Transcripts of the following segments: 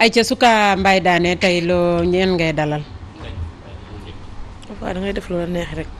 ay ca ka mbay daane tey loo ñeen ngay dalal. waaw da ngay def lu la neexee rek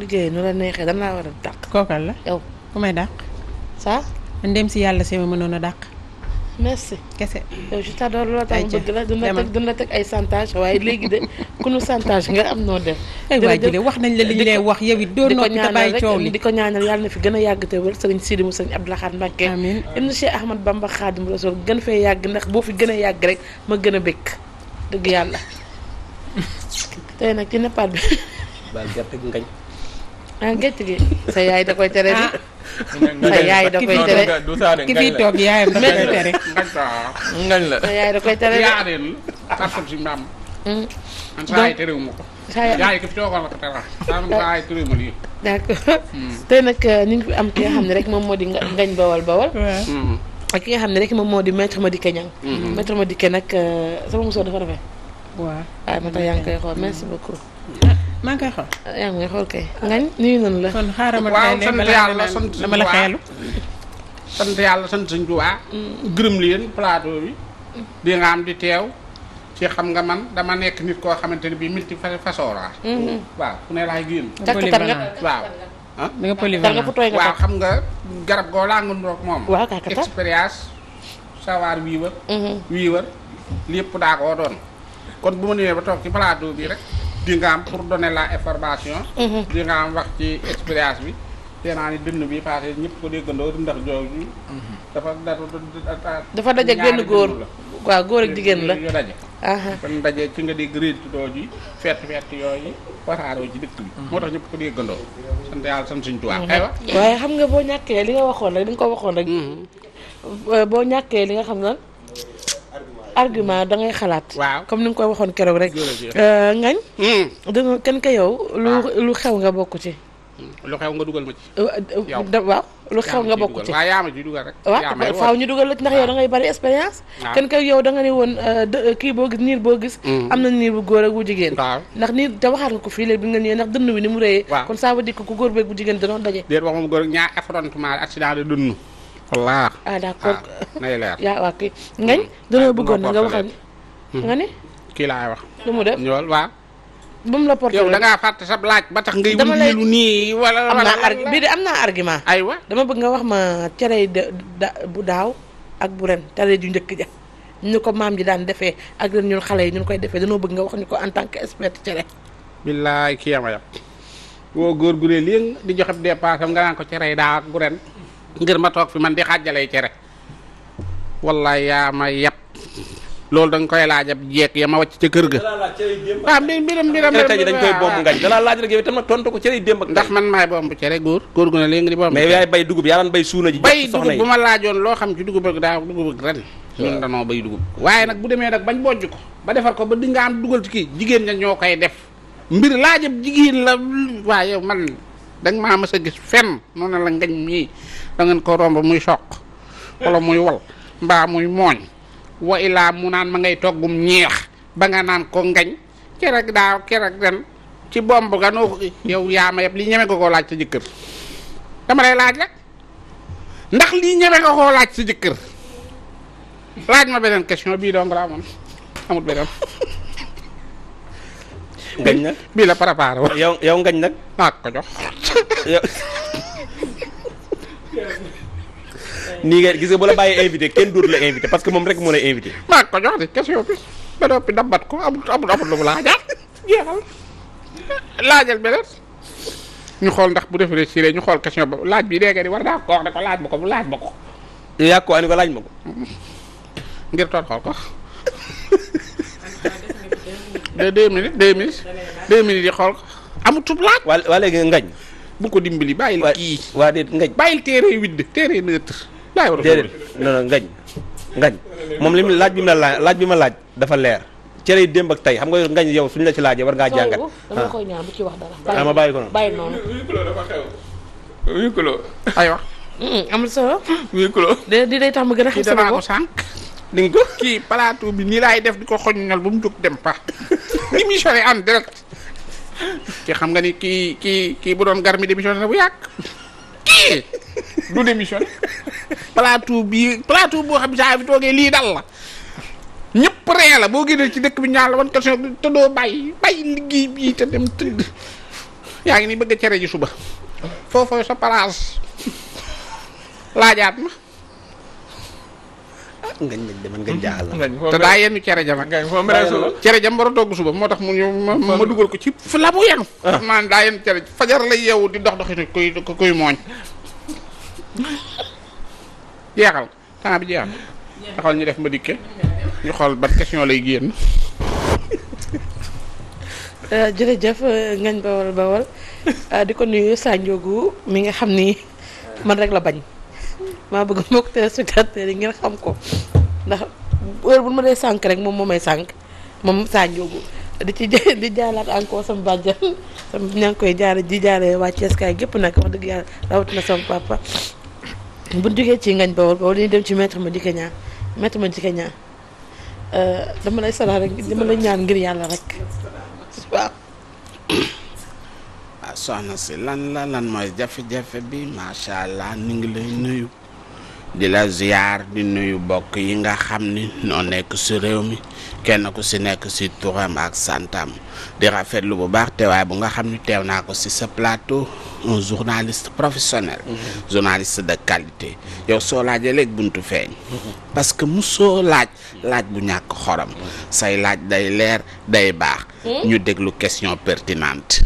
liggéey nu la neexee dan laa war a dàq. kookal la ku may dàq. saa. ndem si yàlla si ma mënoon a dàq. merci kese yow euh, je t'adore loolu tax bëgg la dina teg dina teg ay santage waaye léegi de ku nu santage nga am noo def ay waay jële wax nañ la li ñu lay wax yow it doo noppi te bàyyi coow li di ko ñaanal yàlla na fi gën a yàgg te wër sëriñ Sidi mu sëriñ Abdou Lahad Mbacké amiin ibn Cheikh Ahmad Bamba Khadim Rasoul gën fee yàgg ndax boo fi gën a yàgg rek ma gën a bëgg dëgg yàlla tey nag ci Nepal bi baal gerte ngañ ah gerte gi sa yaay da koy tere di. sa yaay da koy tere ki fiy toog yaayam da koy tere. ngañ la sa yaay da koy tere de. tartan si mbaam. man saa yi terewul ma ko. saa yaay ki fi toogal la ko teral. saa yi terewul ma lii. d'accord tey nag ñu ngi fi am ki nga xam ne rek moom moo di ngañ bawal bawal. ak ki nga xam ne rek moom moo di maître Madické Niang. maître Madické nag sama mosoo dafa rafet. waaw waaye man tax yaa ngi koy xool merci beaucoup. maa ngi koy xool. yaa kay. ngañ nuyu nañu la. kon xaaral ma waaw dama la xeelu. sant yàlla sant sëñ Tuubaa. gërëm leen plateau bi. di nga am di teew. ci xam nga man dama nekk nit koo xamante ne bii multi façon laa. Mhm. waaw ku ne laay génn. takk nga waaw. ah nga polyvalent waaw xam nga garab goo laa nga nuroog moom. waaw kàkkatar expérience. savoir wiiwar. Mhm. wiiwar lépp daa koo doon. kon bu ma ñëwee ba toog ci plateau bi rek. di nga am pour donner la information. Mhm. di nga am wax ci expérience bi. te naa ni dënn bi passé ñëpp ko déggandoo ndax jooju. Mhm. dafa dafa dafa daje benn góor waaw góor ak jigéen la yu daje. kon daje ci nga dégg réetudoo ji fett fett yooyu wasaaroo ci dëkk bi. Mhm. moo tax ñëpp ko déggandoo. sant yàlla sant suñu tubaab aywa. waaye xam nga boo ñàkkee li nga waxoon rek li nga ko waxoon rek. boo ñàkkee li nga xam na argument da ngay xalaat. waaw comme ni nga koy waxoon keroog rek. ngañ danga kan ka yow. lu ah. lu xew nga bokk ci. lu xew nga dugal ma ci. Euh, yow waaw lu xew nga bokk ci. waaw yaa ma ci dugal rek. ñu dugal la ndax yow da ngay bari expérience. kan ka yow da nga woon euh, euh, kii boo gis niir boo gis. Hmm. am na niir bu góor ak bu jigéen. ndax niir te waxaat nga ko fii léegi bi nga ñëwee ndax dënn bi ni mu rëyee. kon ça veut ku góor beeg bu jigéen danoon daje. déet wax moom góor laax. ah d'accord ah, nay leer. yaa waa kii ngañ. Mm. dañoo bëggoon na nga waxal nga ne. Mm. kii laay wax. lu mu def ñool waaw. ba mu la porté yow da ngaa fàtte sab laaj ba tax ngay. dama lay nii wala wala. am naa ar bii de am naa argument. aywa dama bëgg nga wax ma cere da bu daaw ak bu ren cere ju njëkk ja. ñu ko maam ji daan defee ak ren ñun xale yi ñun koy defee danoo bëgg nga wax ñu ko en tant que expert cere. billaay kii yama yab. woo góor gu ne lii di joxe dépassam nga naan ko cere daa ak ngir ma toog fi man di xàjjalay cere wallaay yaa ma yab loolu dañ koy laaj ab jeeg ya ma wàcc ca kër ga. waaw mbiram mbiram mbiram tey dañ koy bomb ngañ dala laaj rek yow itam nag tontu ko cere yi démb ak ndax man maay bomb cere góor góor gu ne léegi di bomb mais bay dugub yaa daan bay suuna ji bay dugub bu ma laajoon loo xam ci dugub ak daaw dugub ak ren ñun danoo bay dugub waaye nag bu demee nag bañ bojj ko ba defar ko ba di nga am dugal ci kii jigéen ña ñoo koy def mbir laajab jigéen la waaye man danga ma mës a gis fenn noonu la ngañ mii da ngeen ko romb muy soq wala muy wal mbaa muy mooñ wa mu naan ma ngay toggum ñeex ba nga naan ko ngañ kerek daaw kerek ren ci bomb ga noo yow yaa ma yëpp lii ñeme nga koo laaj sa jëkkër dama lay laaj rek ndax lii ñeme nga koo laaj sa jëkkër laaj ma beneen question bii dong la amoon amut beneen ngañ nag bii la préparé woon. yow ngañ nag. maa ko jox. nii nga gis nga bu la bàyyee invité kenn dootu la invité parce que moom rek moo lay invité. maa ko jox de question bi ba noppi dambat ko amul amul amul lu mu laajaat jeexal laajal beneen ñu xool ndax bu def réussir ñu xool question ba laaj bi léegi di war naa ko wax ko laaj ma ko mu laaj ma ko. yow ko ani ko laaj ma ko. ngir toog xool ko. de deux minutes deux minutes deux minutes yi xool ko dimbali bàyyil kii. waa déet ngañ bàyyil téere widd téere neutre. laay moom li laaj bi ma la laaj bi ma laaj dafa leer. cere yi démb ak tey xam nga ngañ yow suñu la ci laajee war ngaa jàngat. dama ah. wax ah, ko noonu bàyyi noonu. huis clos dafa xew. aywa. Mm, amul solo. huis clos. day day tax mu gën a xew sama di nga ko kii plateau bi nii laay def di ko xoññal bu mu jóg dem pa démissionné en direct ki xam nga ni kii kii kii bu doon garmi mi démissionné bu yàgg kii du démissionné plateau bii plateau boo xam ne saa fi toogee lii dal la ñëpp ree la boo génnee ci dëkk bi ñaar la wan question te doo bàyyi bàyyi liggéey bii te dem tëdd yaa ngi ni bëgg a cere ji suba foofoo sa place laajaat ma ngañ ngañ deman ngañ jaaxal la te daa yenu cere jama cere jam war togg suba moo tax mu ñëw ma ma dugal ko ci fu la mu yenu man ah. daa yenu cere fajar lay yeewu di dox doxi koy koy mooñ jeexal temps bi jeexal ñu def ma dikke ñu xool ban question lay génn euh, jërëjëf euh, ngañ bawal bawal euh, di ko nuyu Sa Ndiogou mi nga xam ni man rek la bañ maa bëgg mbokk téléspectateurs yi ngir xam ko ndax heure bu ma dee sànq rek moom moo may sànq moom saa yoobu di ci di jaalaat encore sama bàjjan sama ñaa ngi koy jaare di jaare waa gépp nag dëgg yàlla rawatina sama papa bu jógee ci ngañ bawol bawol dañuy dem ci maître ma dikke ñaa maître ma dikke euh, ñaa dama lay sarax rek dama lay ñaan ngir yàlla rek ah, soxna si lan la lan mooy jafe-jafe bi macha allah ni ngi lay nuyu di la ziar di nuyu bokk yi nga xam ni noo nekk si réew mi kenn ku si nekk si turam ak santam di rafetlu bu baax te teewaay bu nga xam ni teew naa ko si sa plateau un journaliste professionnel. Mm-hmm. journaliste de qualité. yow soo laajee léegi buntu feeñ. Mm-hmm. parce que mu soo laaj laaj bu ñàkk xorom. Mm-hmm. say laaj day leer day baax. ñu déglu question pertinente.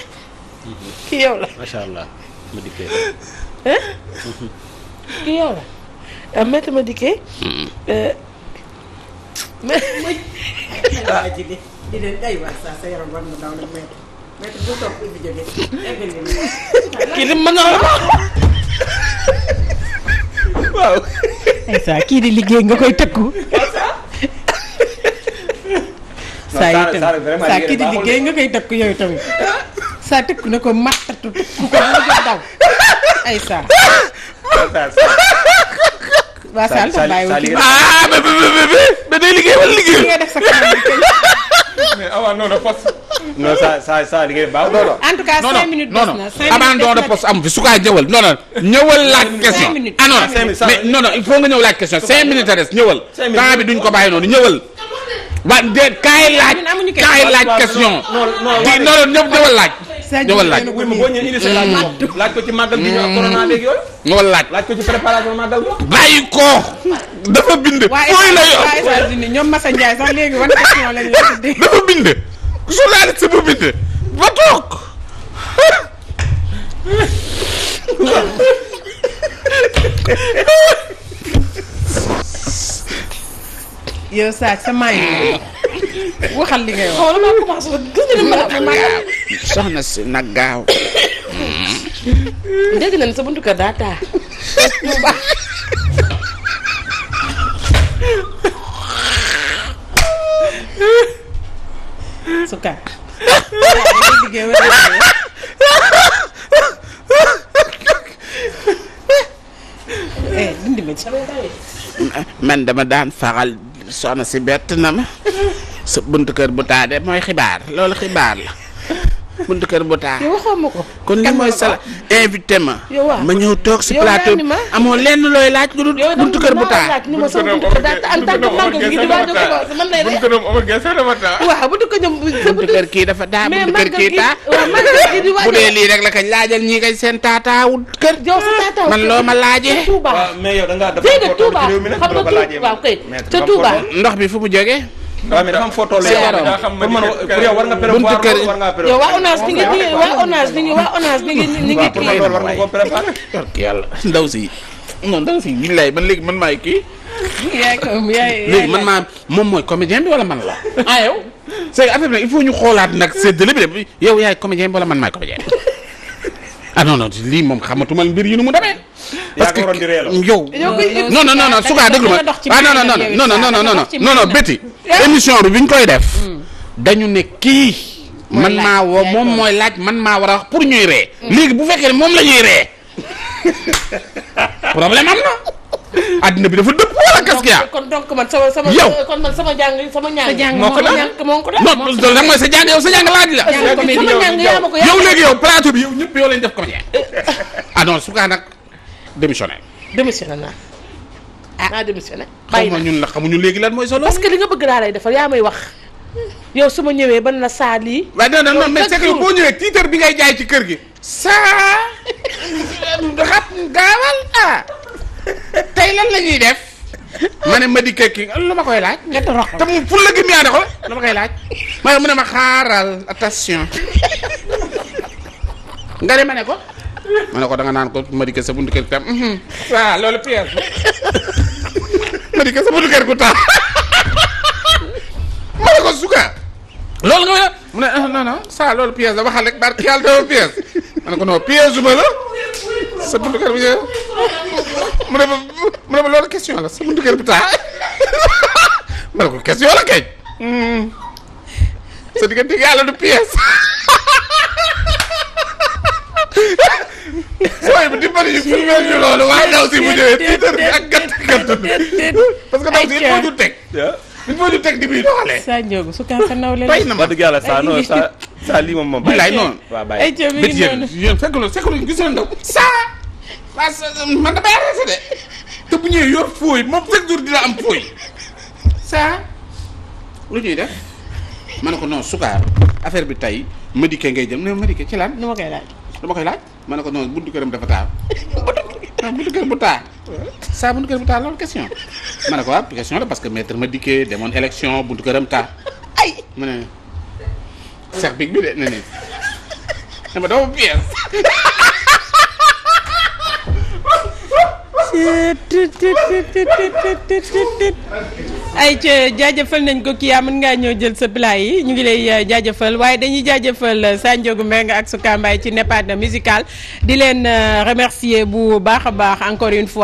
ki yow la allah kii yow la ah, maître euh, ma dikkee. ma jëlee di leen aywa saa kii di liggéey nga koy tëkku. saa yi tamit saa kii di liggéey nga koy tëkku yooyu tamit saa tëkku na ko màttatu tëkku ko mu daw aysa waaw Sall tam bàyyiwul ci ah mais mais day liggéey wala liggéey. ngay def sa kanam mais avant ah non non poste. non ça ça ça liggéey baax. non non en tout cas 5 minutes des na 5 minutes abandon de poste am fi su kaay ñëwal non non ñëwal laaj question. 5 minutes ah non mais non non il faut nga ñëw laaj question 5 minutes a des ñëwal. temps bi duñ ko bàyyi noonu ñëwal. waa déet kaay laaj. kaay laaj question. non non non ñëpp ñëwal laaj. ñëwal laaj laaj ko ci màggal gi ko ci préparation màggal gi. bàyyi ko dafa bind. fooy la yor waaye États-Unis ñoom Massa Ndiaye léegi wan question la ñu tuddee. dafa bind journaliste bind ba toog. yow Sadio sa maa waxal li ngay wax. soxna si nag gaaw. dégg na ne sa buntu kër daa taa. Eh, man dama daan faral soxna si bett na ma. sa buntu kër bu taa de mooy xibaar loolu xibaar la. buntu kër bu taa yow waxoon ma ko. kon li mooy sala invité ma. ma ñëw toog si plateau bi amoo lenn looy laaj lu dul buntu kër bu taa. buntu kër bu taa buntu kër kii dafa taa buntu kër kii taa. bu dee lii rek la kañ laajal ñii kañ seen taataawut kër. man loo ma laajee. waaw mais yow da ngaa dafa. xam nga Touba waaw kay ndox bi fu mu jógee. waaw mais dafa am foo toll yow war nga prévoir war nga prévoir yow waa ONAS ni ngi waa ONAS ni ngi kii ndaw si non ndaw si billaay man léegi man maay kii léegi man maa moom mooy comédien bi wala man la ah yow c'est que affaire bi nag il faut ñu xoolaat nag sedd bi de yow yaay comédien bi wala man maay comédien ah non lii moom xamatuma mbir yi nu mu demee parce que yow non non non sukaa déglu ma ah non non non non ah, non non non non béti eh? émission bi bi ñu koy def hmm. dañu ne kii man maa woo moom mooy laaj man maa war a wax pour ñuy ree hmm. léegi bu fekkee ne moom la ñuy ree problème am na àddina bi dafa dëpp wala kaskia kon donc man sama sama yow kon man sama jàng sama ñàng moo ko daan moo ko daan non loolu rek mooy sa jàng yow sa jàng laaj la sama ñàng yaa ma ko yow léegi yow plateau bi yow ñëpp yow lañ def comédien ah non su kaa nag démissionné. démissionné naa. ah naa démissionné. bàyyi na ñun la xamuñu léegi lan mooy solo. parce que li nga bëgg laa lay defal yaa may wax. yow su ma ñëwee ban la saa lii. waaw non non non mais c'est que boo ñëwee tiitar bi ngay jaay ci kër gi. saa xam gaawal ah. tey lan la ñuy def. ma ne ma di kekki lu ma koy laaj. nga torox te mu ful la gëm yaa ko lu ma koy laaj. ma ne ma xaaral attention. nga ne ma ne ko. ma ne ko da nga naan ko Madické sa mhm. sa buntu kër gu ma ne ko suka loolu nga wax mu ne ah non non saa la waxal rek barki yàlla dama pièce ma ne ko non pièce su ma la sa buntu kër bi eh. mu ne ma mu ne ma loolu question la sa buntu bu taa ma ne ko question la kay mhm. sa diggante yàlla du pièce. sooy bu dimbali ñu filmeel ñu loolu waaye daw si bu ñëwee tiitar bi ak daw si il faut ñu teg il saa Ndiogou su kan sa nawle bay na ma dëgg yàlla saa non saa saa lii moom moom bilaay noonu waaw bàyyi bit yéen yéen fekk loolu ndaw saa parce euh, man damay arrêté de te bu ñëwee yor fooy moom chaque jour dina am fooy saa lu ñuy def ma ne ko non sukaar affaire bi tey Madické ngay jëm ne Madické ci lan nu ma koy laaj dama koy laaj ma ne ko noonu buntu këram dafa taal. Ah, buntu kër bu taal. saa buntu kër bu taal loolu question. ma ne ko waaw ah, question la parce que maître ma dikkee demoon élection buntu këram taal. ay mu ne. seex bi bi de ne nii. dama dama pièce. ay ca jaajëfal nañ ko kii yaa mën ngaa ñëw jël sa plat yi ñu ngi lay euh, jaajëfal waaye dañuy jaajëfal euh, Sanjogu Mbengue ak Souka Mbaye ci Nepad musical di leen euh, remercier bu baax a baax encore une fois.